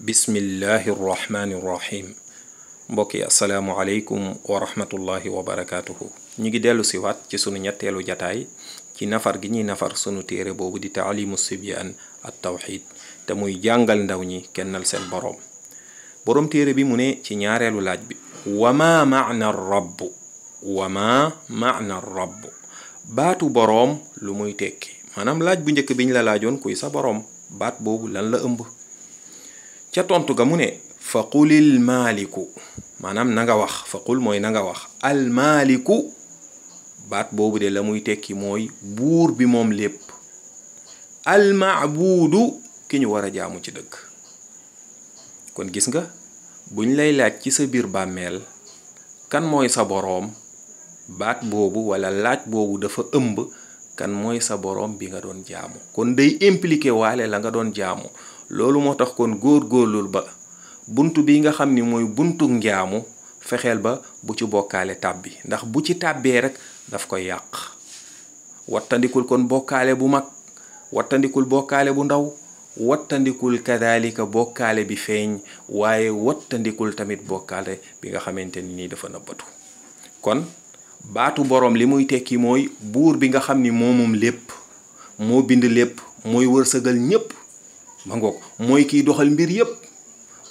bismillahi rrahmani rrahim mbokk yi asalaamualeykum wa rahmatullahi wa barakatuhu ñu ngi dellu si ci sunu ñetteelu jataay ci nafar gi ñuy nafar sunu téere boobu di taalimu sibyaan at tawxid te muy jàngal ndaw ñi kennal seen boroom boroom téere bi mu ne ci ñaareelu laaj bi wama maana rabb wama maana rabb baatu boroom lu muy tekki maanaam laaj bu njëkk biñ la laajoon kuy sa boroom baat boobu lan la ëmb ca tontu nga mu ne fa qulil maaliku maanaam nanga wax fa mooy na nga wax almaaliku baat boobu de la muy tekki mooy buur bi moom lépp almaabuudu ki ñu war a jaamu ci dëkk kon gis nga buñ lay laaj ci sa biir bàmmeel kan mooy sa boroom baat boobu walla laaj boobu dafa ëmb kan mooy sa boroom bi nga doon jaamu kon day impliqué waale la nga doon jaamu loolu moo tax kon góor-góorlul ba bunt bi nga xam ni mooy buntu njaamu fexeel ba bu ci bokkaale tàbbi ndax bu ci tàbbee rek daf ko yàq wattandikul kon bokkaale bu mag wattandikul bokkaale bu ndaw wattandikul kadaalika bokkaale bi feeñ waaye wattandikul tamit bokkaale bi nga xamante ni nii dafa nëbbatu kon baatu borom li muy tekki mooy buur bi nga xam ni moomum lépp moo bind lépp mooy wërsëgal ñépp ba ngoog mooy kiy doxal mbir yépp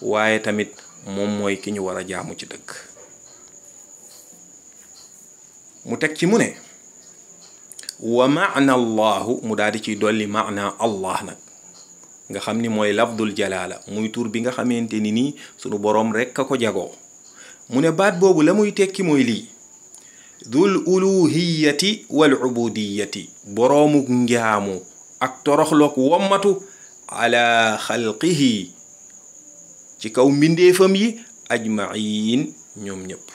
waaye tamit moom mooy ki ñu war a jaamu ci dëkk mu teg ci mu ne wa maana allahu mu daal di ciy dolli maana allah nag nga xam ni mooy labdul jalaala muy tur bi nga xamante ni nii sunu borom rek ka ko jagoo mu ne baat boobu la muy tekki mooy lii dul uluhiyati walubudiyati boroomu njaamu ak toroxloog wommatu ala xalqihi ci kaw mbindeefam yi ajmain ñoom ñëpp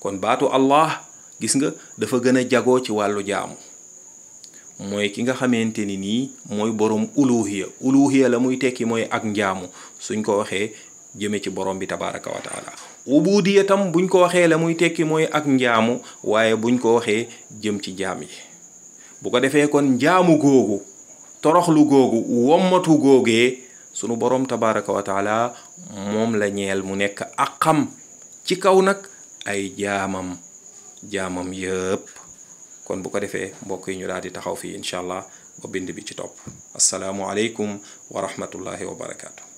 kon baatu allah gis nga dafa gën a jagoo ci wàllu jaamu mooy ki nga xamante ni nii mooy boroom uluhiya uluhiya la muy tekki mooy ak njaamu suñ ko waxee jëme ci borom bi tabaraka wa taala ubudiya buñ ko waxee la muy tekki mooy ak njaamu waaye buñ ko waxee jëm ci jaam yi bu ko defee kon njaamu googu toroxlu googu wommatu googee sunu boroom tabaraka wa moom la ñeel mu nekk aqam ci kaw nag ay jaamam jaamam yëpp kon bu ko defee mbokk yi ñu daal di taxaw fii incha allah ba bind bi ci topp asalaamualeykum wa rahmatullahi wa barakaatu.